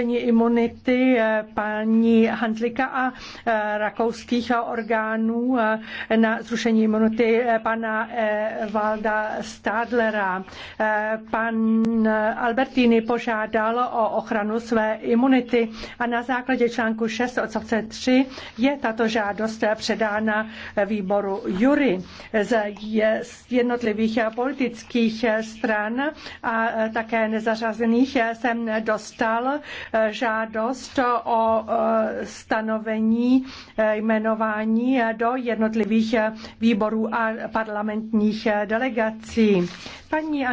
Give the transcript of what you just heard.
zřípení imunity eh, paní Handlika a eh, rakouských orgánů eh, na zrušení imunity pana Valda Stadlera. Pan Albertini požádal o ochranu své imunity a na základě článku 6 odstavce 3 je tato žádost předána výboru Jury z jednotlivých politických stran a také nezařazených jsem dostal žádost o stanovení e, jmenování do jednotlivých e, výborů a parlamentních delegací. Paní